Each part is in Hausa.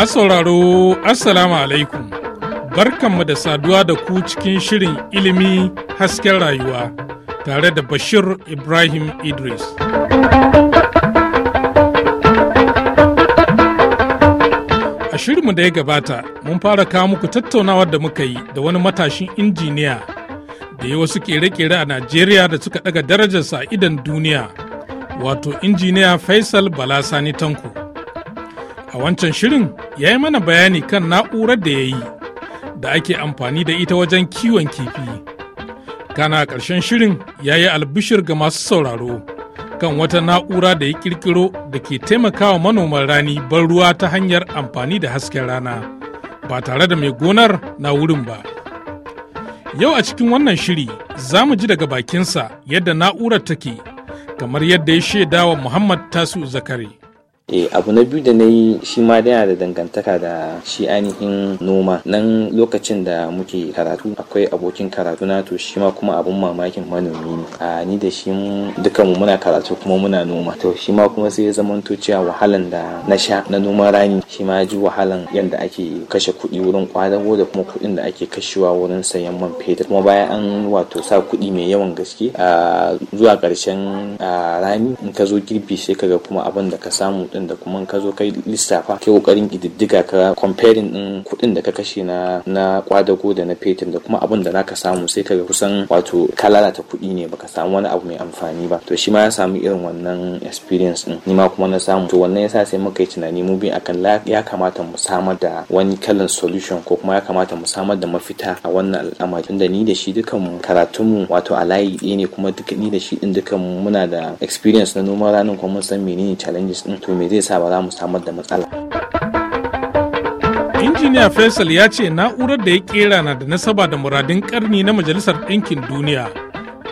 Masu sauraro, Assalamu alaikum. Barkanmu da saduwa da ku cikin shirin ilimi hasken rayuwa tare da Bashir Ibrahim Idris. A shirinmu da ya gabata, mun fara kawo muku tattaunawar da muka yi da wani matashin injiniya da ya wasu kere-kere a Najeriya da suka daga darajarsa a idan duniya, wato injiniya Faisal Balasani Tanko. A wancan shirin ya yi mana bayani kan na'urar da ya yi da ake amfani da ita wajen kiwon kifi. Kana ƙarshen shirin ya yi albishir ga masu sauraro kan wata na'ura da ya ƙirƙiro da ke taimakawa manoman rani ban ruwa ta hanyar amfani da hasken rana ba tare da mai gonar na wurin ba. Yau a cikin wannan shiri za mu ji daga bakinsa yadda na'urar take kamar yadda ya shaidawa Muhammad Tasu Zakari. eh abu na biyu da na yi shi ma yana da dangantaka da shi ainihin noma nan lokacin da muke karatu akwai abokin karatu na to shi ma kuma abun mamakin manomi ne a ni da shi duka mu muna karatu kuma muna noma to shi ma kuma sai ya zamanto cewa wahalan da na sha na noman rani shi ma ji wahalan yadda ake kashe kuɗi wurin kwadago da kuma kuɗin da ake kashewa wurin sayan man fetur kuma bayan an wato sa kuɗi mai yawan gaske a zuwa ƙarshen rani in ka zo girbi sai ka ga kuma abin da ka samu kuɗin da kuma ka zo kai lissafa kai ƙoƙarin kididdiga ka comparing ɗin kuɗin da ka kashe na na kwadago da na fetur da kuma abin da zaka samu sai ka kusan wato ka lalata kuɗi ne baka samu wani abu mai amfani ba to shi ma ya samu irin wannan experience ɗin ni ma kuma na samu to wannan yasa sai muka yi tunani mu biyu akan ya kamata mu samar da wani kalan solution ko kuma ya kamata mu samar da mafita a wannan al'amari tunda ni da shi dukan mu karatun mu wato a layi ɗaya ne kuma duka ni da shi din dukan muna da experience na noman ranar kuma mun san menene challenges din to me zai sa ba za mu samar da matsala. injiniya faisal ya ce na'urar da ya kera na da nasaba da muradin karni na majalisar ɗinkin duniya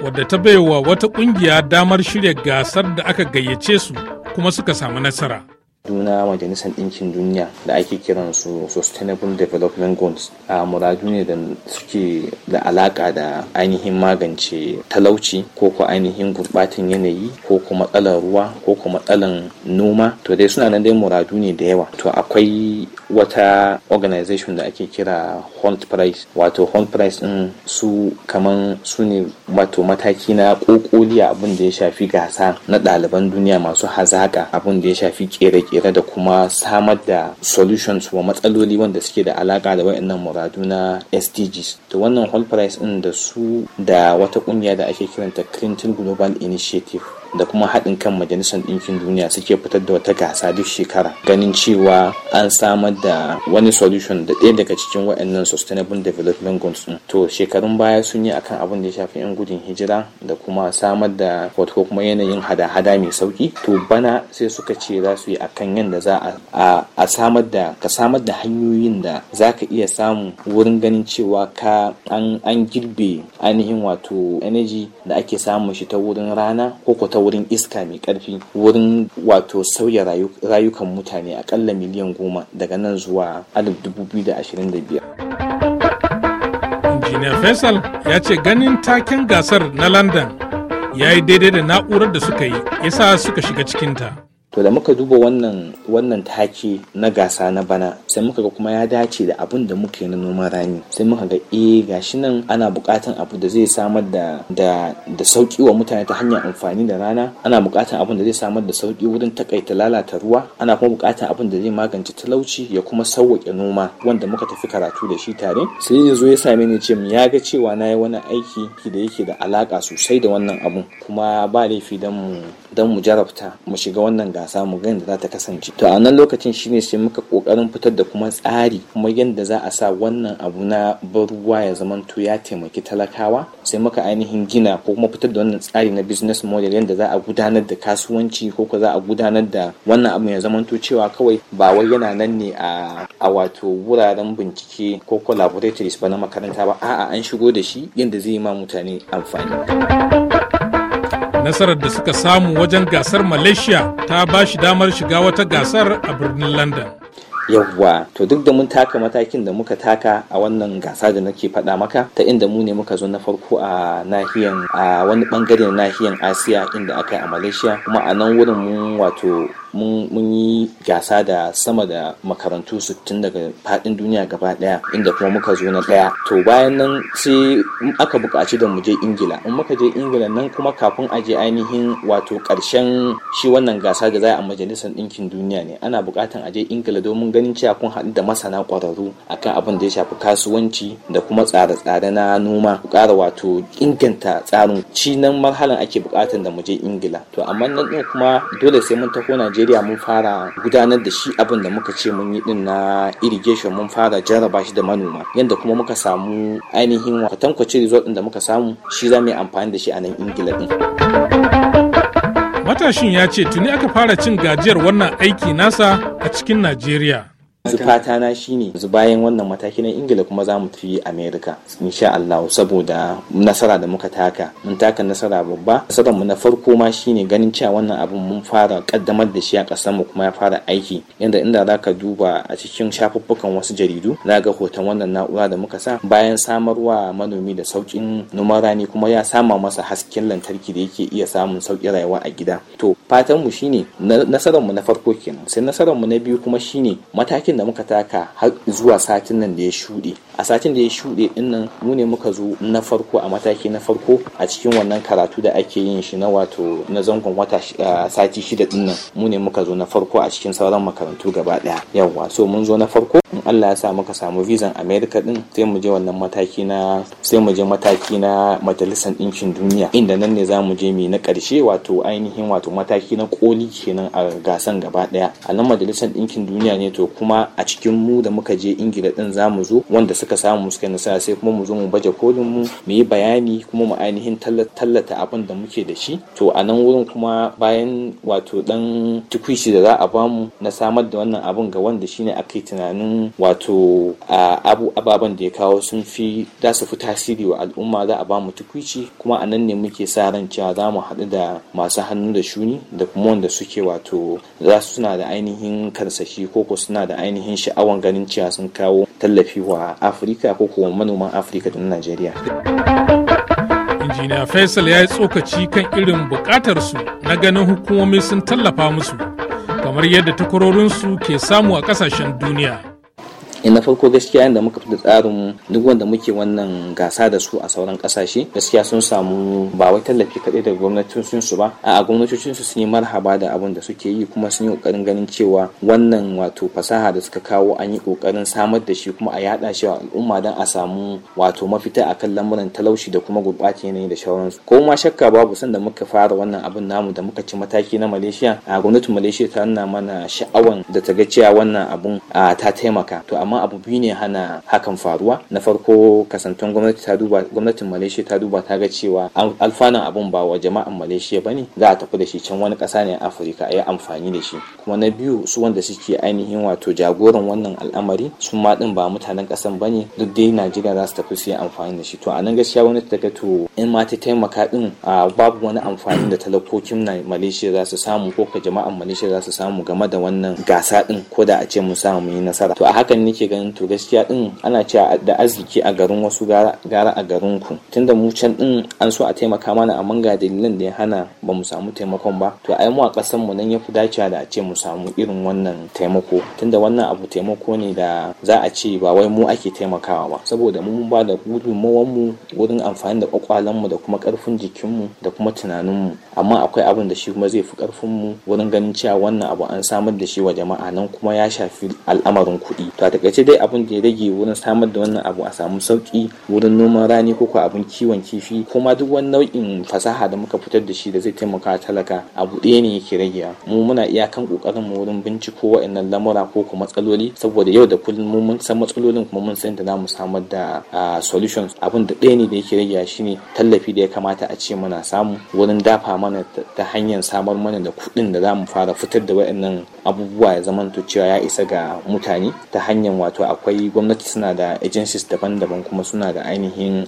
wadda ta baiwa wata ƙungiya damar shirya gasar da aka gayyace su kuma suka samu nasara. juna majalisar ɗinkin duniya da ake kiran su sustainable development goals a muradu ne da suke da alaka da ainihin magance talauci ko ko ainihin gurbatin yanayi ko ko matsalar ruwa ko ko matsalar noma to dai suna nan dai muradu ne da yawa to akwai wata organization da ake kira hunt price wato hunt price din su kaman su ne wato mataki na kokoliya abin da ya shafi gasa na ɗaliban duniya masu hazaka abin da ya shafi ƙere kere hira da kuma samar da solutions wa matsaloli wanda suke da alaka da wayannan muradu na SDGs to wannan whole price din da su da wata kungiya da ake kiranta Clinton Global Initiative da kuma haɗin kan majalisar ɗinkin duniya suke fitar da wata gasa duk shekara ganin cewa an samar da wani solution da ɗaya daga cikin waɗannan sustainable development goals ɗin to shekarun baya sun yi akan abin da ya shafi 'yan gudun hijira da kuma samar da ko kuma yanayin hada-hada mai sauki to bana sai suka ce za su yi akan yanda za a samar da ka samar da hanyoyin da za ka iya samu wurin ganin cewa ka an girbe ainihin wato energy da ake samun shi ta wurin rana ko ta ta wurin iska mai karfi wurin wato sauya rayukan mutane akalla miliyan goma daga nan zuwa 2025 injiniya faisal ya ce ganin taken gasar na london ya yi daidai da na'urar da suka yi yasa suka shiga cikinta to da muka duba wannan wannan take na gasa na bana sai muka ga kuma ya dace da abin da muke na noman rani sai muka ga eh gashi nan ana buƙatan abu da zai samar da da da sauki wa mutane ta hanyar amfani da rana ana buƙatan abin da zai samar da sauki wurin takaita lalata ruwa ana kuma buƙatan abin da zai magance talauci ya kuma sauƙe noma wanda muka tafi karatu da shi tare sai ya zo ya same ni ce ya ga cewa na yi wani aiki da yake da alaka sosai da wannan abun kuma ba laifi dan mu don mu jarabta mu shiga wannan gasa mu ga yadda za ta kasance to a nan lokacin shine sai muka kokarin fitar da kuma tsari kuma yadda za a sa wannan abu na ruwa ya zamanto ya taimaki talakawa sai muka ainihin gina ko kuma fitar da wannan tsari na business model yadda za a gudanar da kasuwanci ko ko za a gudanar da wannan abu ya zamanto cewa kawai ba wai yana nan ne a a wato wuraren bincike ko laboratories ba na makaranta ba a'a an shigo da shi yadda zai yi ma mutane amfani. nasarar da suka samu wajen gasar malaysia ta ba shi damar shiga wata gasar a birnin london yawwa to duk da mun taka matakin da muka taka a wannan gasa da nake faɗa maka ta inda mu ne muka zo na farko a nahiyan a wani bangare na nahiyan asiya inda aka yi a malaysia kuma a nan wurin mun wato mun yi gasa da sama da makarantu 60 daga fadin duniya gaba daya inda kuma muka zo na daya to bayan nan sai aka buƙaci da mu je ingila in muka je ingila nan kuma kafin a je ainihin wato ƙarshen shi wannan gasa da za a majalisar ɗinkin duniya ne ana buƙatan a je ingila domin ganin cewa kun haɗu da masana ƙwararru akan abin da ya shafi kasuwanci da kuma tsare-tsare na noma ƙara wato inganta tsarin ci nan marhalan ake buƙatan da mu je ingila to amma nan kuma dole sai mun taho na najeriya mun fara gudanar da shi abin da muka ce mun yi din na irrigation mun fara jarraba shi da manoma yadda kuma muka samu ainihin kwatankwacin resort din da muka samu shi za mu yi amfani da shi a nan ingila din matashin ya ce tuni aka fara cin gajiyar wannan aiki nasa a cikin najeriya zufata na shine bayan wannan mataki na ingila kuma za mu tafi america insha Allah saboda nasara da muka taka mun taka nasara babba nasarar mu na farko ma shine ganin cewa wannan abun mun fara kaddamar da shi a kasar mu kuma ya fara aiki yanda inda ka duba a cikin shafuffukan wasu jaridu ga hoton wannan na'ura da muka sa bayan samarwa manomi da saukin noman rani kuma ya sama masa hasken lantarki da yake iya samun sauƙin rayuwa a gida to fatan mu shine nasarar mu na farko kenan sai nasarar mu na biyu kuma shine matakin da muka taka har zuwa satin nan da ya shuɗe a satin da ya shuɗe nan mu ne muka zo na farko a mataki na farko a cikin wannan karatu da ake yin shi na wato na zangon wata sati shida nan mu ne muka zo na farko a cikin sauran makarantu gaba ɗaya yawwa so mun zo na farko in Allah ya sa muka samu visan America din sai mu je wannan mataki na sai mu je mataki na majalisar ɗinkin duniya inda nan ne za mu je mi na ƙarshe wato ainihin wato mataki na koli kenan a gasan gaba ɗaya a nan majalisar ɗinkin duniya ne to kuma a cikin mu da muka je ingila din za mu zo wanda suka samu suka nasara sai kuma mu zo mu baje kolin mu mu yi bayani kuma mu ainihin tallata abin da muke da shi to a nan wurin kuma bayan wato dan tukwici da za a bamu na samar da wannan abin ga wanda shine aka yi tunanin wato ababen da ya kawo sun fi za su fi tasiri wa al'umma za a bamu tukwici kuma a nan ne muke sa ran cewa za mu haɗu da masu hannu da shuni da kuma wanda suke wato za su suna da ainihin karsashi ko ko suna da ainihin ainihin sha'awan ganin cewa sun kawo tallafi wa afirka ko kuma manoman afirka da najeriya injiniya faisal ya yi tsokaci kan irin bukatarsu na ganin hukumomi sun tallafa musu kamar yadda takwarorinsu ke samu a kasashen duniya Ina eh, farko gaskiya yadda muka fita tsarin duk wanda muke wannan gasa da su a sauran kasashe gaskiya sun samu ba wai tallafi kaɗai daga gwamnatocin su ba a gwamnatocin su sun yi marhaba da abin da suke yi kuma sun yi kokarin ganin cewa wannan wato fasaha da suka kawo an yi kokarin samar da shi kuma a yada shi wa al'umma don a samu wato mafita akan lamuran talauci da kuma gurɓata yanayi da shauransu ko ma shakka babu sanda muka fara wannan abin namu da muka ci mataki na malaysia a gwamnatin malaysia ta nuna mana sha'awan da ta ga cewa wannan abun ta taimaka to amma abu biyu ne hana hakan faruwa na farko kasantan gwamnati ta duba gwamnatin malaysia ta duba ta ga cewa alfanan abun ba wa jama'an malaysia bane za a tafi da shi can wani kasa ne a afirka a yi amfani da shi kuma na biyu su wanda suke ainihin wato jagoran wannan al'amari su ma din ba mutanen kasan bane duk dai najeriya za su tafi su yi amfani da shi to a nan gaskiya gwamnati ta ga to in ma ta taimaka din babu wani amfani da talakokin na malaysia za su samu ko ka jama'an malaysia za su samu game da wannan gasa din ko da a ce mu samu yi nasara to a hakan ne kuke ganin to gaskiya din ana cewa da arziki a garin wasu gara a garin ku tunda mu can din an so a taimaka mana amma ga dalilan da ya hana ba mu samu taimakon ba to ai mu a kasan mu nan ya fi dacewa da a ce mu samu irin wannan taimako tunda wannan abu taimako ne da za a ce ba wai mu ake taimakawa ba saboda mu ba da gudunmawar mu wurin amfani da kwakwalen mu da kuma karfin jikin mu da kuma tunanin mu amma akwai abin da shi kuma zai fi karfin mu wurin ganin cewa wannan abu an samar da shi wa jama'a nan kuma ya shafi al'amarin kuɗi to a ce dai abin da ya rage wurin samar da wannan abu a samu sauki wurin noman rani ko kuma abin kiwon kifi kuma duk wani nau'in fasaha da muka fitar da shi da zai taimaka talaka abu ɗaya ne yake rage mu muna iyakan kokarin mu wurin binciko wa'annan lamura ko kuma matsaloli saboda yau da kullum mun san matsalolin kuma mun san da za mu samar da solutions abin da ɗaya ne da yake rage shine tallafi da ya kamata a ce muna samu wurin dafa mana ta hanyar samar mana da kuɗin da za mu fara fitar da wa'annan abubuwa ya zamanto cewa ya isa ga mutane ta hanyar wato akwai gwamnati suna da agencies daban-daban kuma suna da ainihin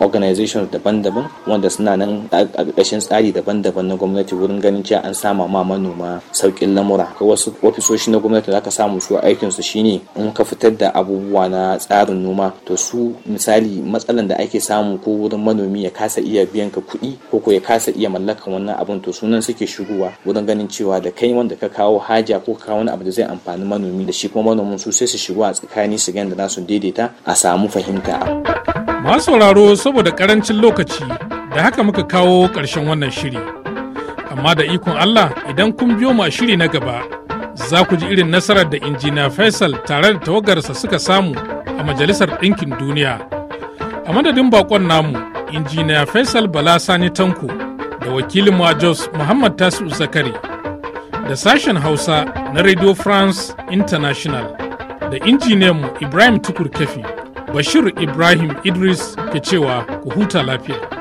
organizations daban-daban wanda suna nan a ƙarƙashin tsari daban-daban na gwamnati wurin ganin cewa an sama ma manoma sauƙin lamura ko wasu ofisoshi na gwamnati da aka samu su aikin su shine in ka fitar da abubuwa na tsarin noma to su misali matsalan da ake samu ko wurin manomi ya kasa iya biyan ka kuɗi ko ko ya kasa iya mallaka wannan abun to sunan suke shigowa wurin ganin cewa da kai wanda ka kawo haja ko ka kawo wani abu da zai amfani manomi da shi kuma manomin su sai su shigo a tsakani su da za su daidaita a samu fahimta masu sauraro saboda karancin lokaci da haka muka kawo ƙarshen wannan shiri amma da ikon allah idan kun biyo mu a shiri na gaba za ku ji irin nasarar da injiniya faisal tare da tawagarsa suka samu a majalisar ɗinkin duniya a madadin bakon namu injiniya faisal bala sani tanko da wakilin mu jos muhammad tasu zakari da sashen hausa na radio france international da mu Ibrahim Tukur Kefi, Bashir Ibrahim Idris ke cewa ku huta lafiya.